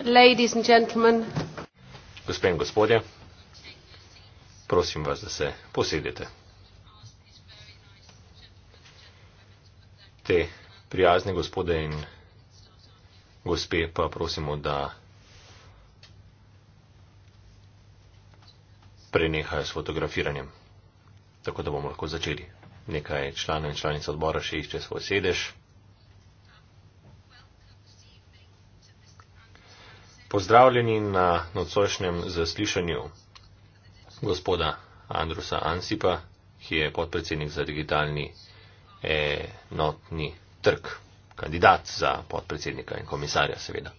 Ladies and gentlemen. Gospe in gospodje, prosim vas, da se posedete. Te prijazne gospode in gospe pa prosimo, da prenehajo s fotografiranjem, tako da bomo lahko začeli. Nekaj članov in članic odbora še išče svoj sedež. Pozdravljeni na nocojšnjem zaslišanju gospoda Andrusa Ansipa, ki je podpredsednik za digitalni enotni trg, kandidat za podpredsednika in komisarja seveda.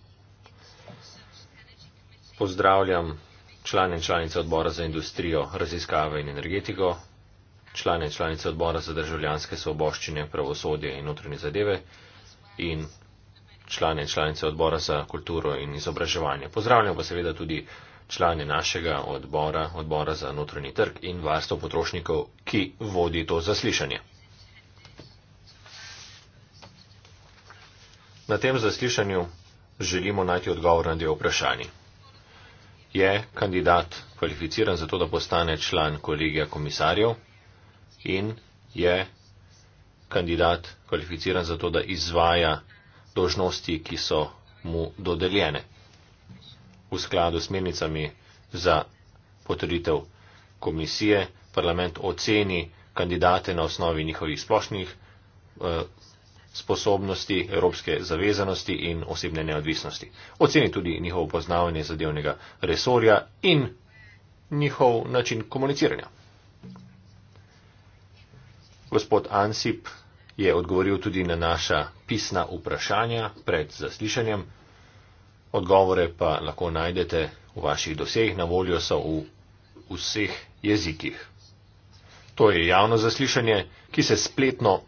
Pozdravljam člane in članice odbora za industrijo, raziskave in energetiko, člane in članice odbora za državljanske svoboščine, pravosodje in notranje zadeve in člane in članice odbora za kulturo in izobraževanje. Pozdravljam pa seveda tudi člane našega odbora, odbora za notranji trg in varstvo potrošnikov, ki vodi to zaslišanje. Na tem zaslišanju želimo najti odgovor na dve vprašanji. Je kandidat kvalificiran za to, da postane član kolegija komisarjev in je kandidat kvalificiran za to, da izvaja dožnosti, ki so mu dodeljene. V skladu s smernicami za potrditev komisije parlament oceni kandidate na osnovi njihovih splošnih eh, sposobnosti, evropske zavezanosti in osebne neodvisnosti. Oceni tudi njihovo poznavanje zadevnega resorja in njihov način komuniciranja. Gospod Ansip je odgovoril tudi na naša pisna vprašanja pred zaslišanjem. Odgovore pa lahko najdete v vaših dosejih, na voljo so v vseh jezikih. To je javno zaslišanje, ki se spletno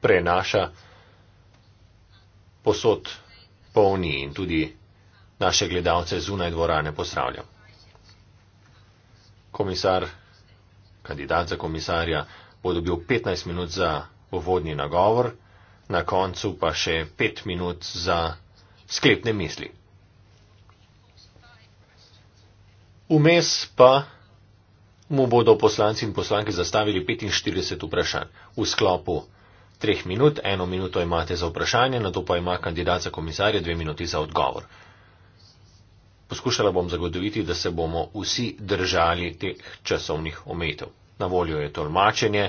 prenaša posod polni in tudi naše gledalce zunaj dvorane pozdravljam. Komisar, kandidat za komisarja, bo dobil 15 minut za uvodni nagovor, na koncu pa še pet minut za sklepne misli. Vmes pa mu bodo poslanci in poslanke zastavili 45 vprašanj v sklopu treh minut, eno minuto imate za vprašanje, na to pa ima kandidat za komisarja dve minuti za odgovor. Poskušala bom zagotoviti, da se bomo vsi držali teh časovnih omejitev. Na voljo je tolmačenje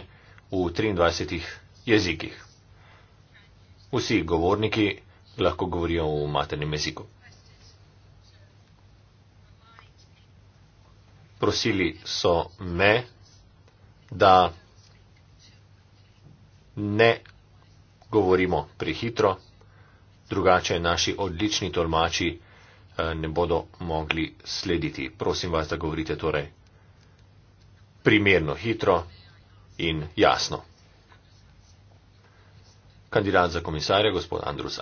v 23 jezikih. Vsi govorniki lahko govorijo v maternem jeziku. Prosili so me, da ne govorimo prehitro, drugače naši odlični tolmači eh, ne bodo mogli slediti. Prosim vas, da govorite torej primerno hitro in jasno kandidat za komisarja gospod Andrus